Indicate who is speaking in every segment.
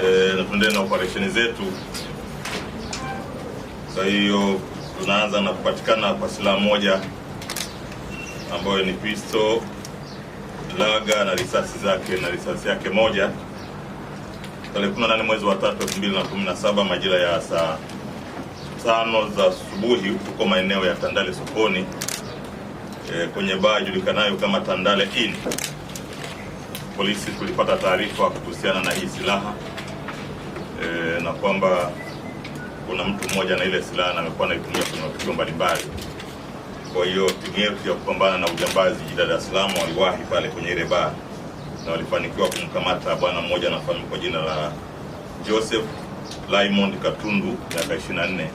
Speaker 1: Eh, na tuendelee na operesheni zetu. Kwa hiyo tunaanza na kupatikana kwa silaha moja ambayo ni pisto laga na risasi zake na risasi yake moja tarehe 18 mwezi wa 3 2017 majira ya saa tano za asubuhi huko maeneo ya Tandale sokoni e, kwenye baa julikanayo kama Tandale Inn. Polisi tulipata taarifa kuhusiana na hii silaha e, na kwamba kuna mtu mmoja na ile silaha amekuwa anaitumia kwenye matukio mbalimbali. Kwa hiyo timu yetu ya kupambana na ujambazi jijini Dar es Salaam waliwahi pale kwenye ile baa na walifanikiwa kumkamata bwana mmoja anafahamika kwa jina la Joseph Raymond Katundu miaka 24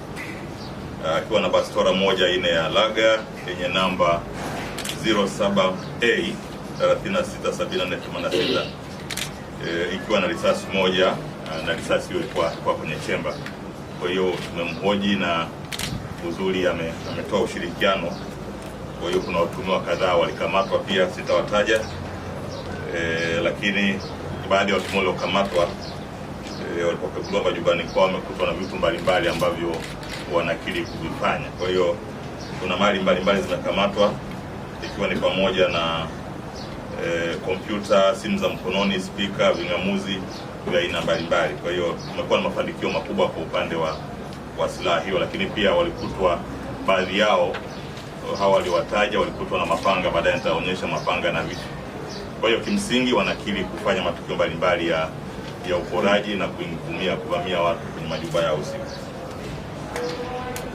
Speaker 1: akiwa na bastora moja ine ya laga yenye namba 07A 367486 e, ikiwa na risasi moja Ah, na risasi iwe kwa, kwa kwenye chemba. Kwa hiyo tumemhoji na uzuri ametoa ushirikiano. Kwa hiyo kuna watuhumiwa kadhaa walikamatwa pia, sitawataja e, lakini baadhi ya watuhumiwa waliokamatwa e, eh, walipokaguliwa majumbani kwao wamekutwa na vitu mbalimbali ambavyo wanakiri kuvifanya. Kwa hiyo kuna mali mbalimbali zimekamatwa ikiwa ni pamoja na e, kompyuta, simu za mkononi, spika, ving'amuzi vya aina mbalimbali. Kwa hiyo tumekuwa na mafanikio makubwa kwa upande wa, wa silaha hiyo, lakini pia walikutwa baadhi yao hawa waliwataja, walikutwa na mapanga. Baadaye nitaonyesha mapanga na vitu. Kwa hiyo kimsingi wanakiri kufanya matukio mbalimbali ya ya uporaji na kuingumia kuvamia watu kwenye majumba yao usiku.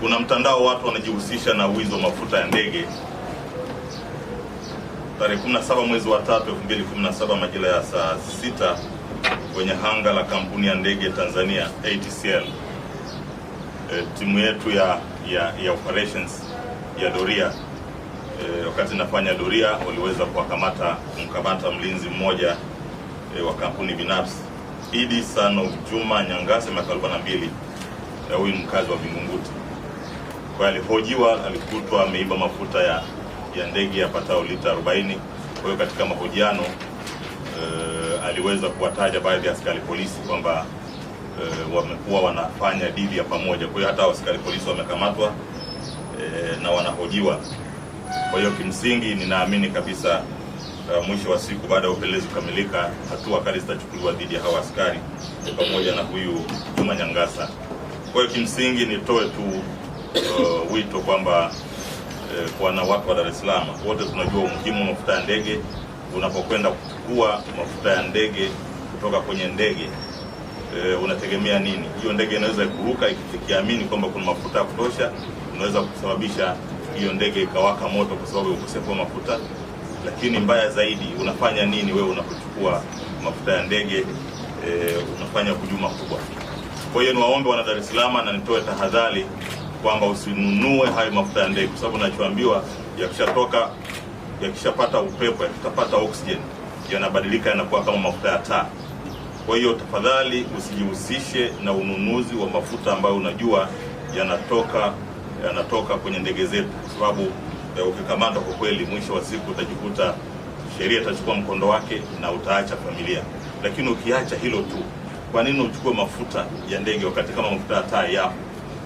Speaker 1: Kuna mtandao watu wanajihusisha na wizi wa mafuta ya ndege tarehe 17 mwezi wa 3 2017 majira ya saa 6 kwenye hanga la kampuni ya ndege Tanzania ATCL. E, timu yetu ya, ya, ya operations ya doria e, wakati nafanya doria waliweza kuwakamata kumkamata mlinzi mmoja e, wa kampuni binafsi Idi Sano Juma Nyangase miaka 42, huyu mkazi wa Vingunguti, kwa alihojiwa alikutwa ameiba mafuta ya ya ndege yapatao lita 40. Kwa hiyo katika mahojiano uh, aliweza kuwataja baadhi ya askari polisi kwamba uh, wamekuwa wanafanya dili ya pamoja. Kwa hiyo hata askari polisi wamekamatwa uh, na wanahojiwa. Kwa hiyo kimsingi, ninaamini kabisa mwisho wa siku, baada ya upelelezi kukamilika, hatua kali zitachukuliwa dhidi ya hawa askari pamoja na huyu Juma Nyangasa. Kwa hiyo kimsingi nitoe tu uh, wito kwamba Eh, kwa na watu wa Dar es Salaam wote tunajua umuhimu wa mafuta ya ndege unapokwenda kuchukua mafuta ya ndege kutoka kwenye ndege e, unategemea nini? Hiyo ndege inaweza kuruka ikiamini kwamba kuna mafuta ya kutosha, unaweza kusababisha hiyo ndege ikawaka moto kwa sababu ya ukosefu wa mafuta. Lakini mbaya zaidi, unafanya nini wewe unapochukua mafuta ya ndege e, unafanya hujuma kubwa. Kwa hiyo niwaombe wana Dar es Salaam na nitoe tahadhari kwamba usinunue hayo mafuta ya ndege, kwa sababu nachoambiwa yakishatoka, yakishapata upepo, yakishapata oxygen yanabadilika yanakuwa kama mafuta ya taa. Kwa hiyo tafadhali usijihusishe na ununuzi wa mafuta ambayo unajua yanatoka yanatoka kwenye ndege zetu, kwa sababu eh, ukikamata kwa kweli, mwisho wa siku utajikuta sheria itachukua mkondo wake na utaacha familia. Lakini ukiacha hilo tu, kwa nini uchukue mafuta ya ndege wakati kama mafuta ya taa yapo?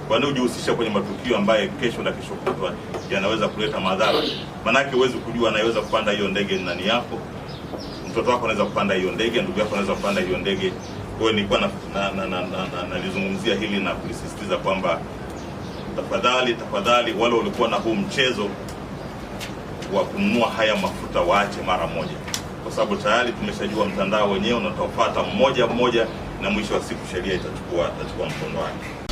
Speaker 1: wanaojihusisha kwenye matukio ambayo kesho na kesho kutwa yanaweza kuleta madhara. Manake huwezi kujua, anaweza kupanda hiyo ndege nani yako, mtoto wako anaweza kupanda hiyo ndege, ndugu yako anaweza kupanda hiyo ndege. Kwa hiyo nilikuwa nalizungumzia hili na kulisisitiza kwamba tafadhali, tafadhali wale walikuwa na huu mchezo wa kununua haya mafuta waache mara moja, kwa sababu tayari tumeshajua mtandao wenyewe unatafuata mmoja mmoja, na mwisho wa siku sheria itachukua itachukua mkondo wake.